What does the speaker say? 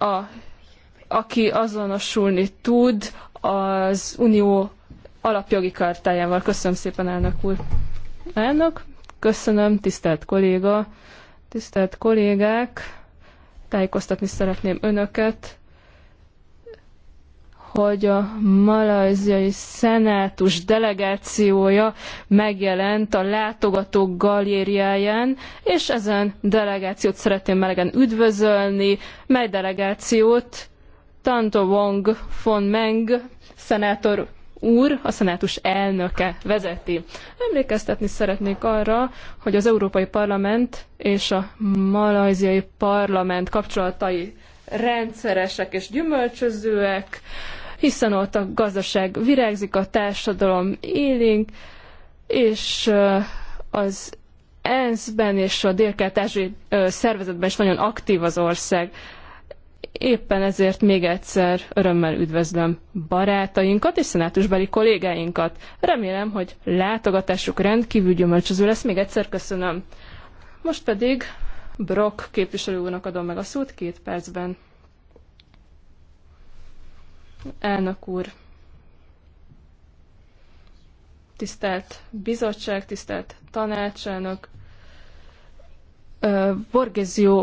a, aki azonosulni tud az Unió alapjogi kartájával. Köszönöm szépen, elnök úr. Elnök, köszönöm, tisztelt kolléga, tisztelt kollégák, tájékoztatni szeretném önöket, hogy a malajziai szenátus delegációja megjelent a látogatók galériáján, és ezen delegációt szeretném melegen üdvözölni, mely delegációt Tanto Wong von Meng szenátor úr, a szenátus elnöke vezeti. Emlékeztetni szeretnék arra, hogy az Európai Parlament és a malajziai parlament kapcsolatai rendszeresek és gyümölcsözőek hiszen ott a gazdaság virágzik, a társadalom élénk, és az ENSZ-ben és a délkeltási szervezetben is nagyon aktív az ország. Éppen ezért még egyszer örömmel üdvözlöm barátainkat és szenátusbeli kollégáinkat. Remélem, hogy látogatásuk rendkívül gyümölcsöző lesz. Még egyszer köszönöm. Most pedig Brock képviselő úrnak adom meg a szót két percben. Elnök úr, tisztelt bizottság, tisztelt tanácselnök, Borgézió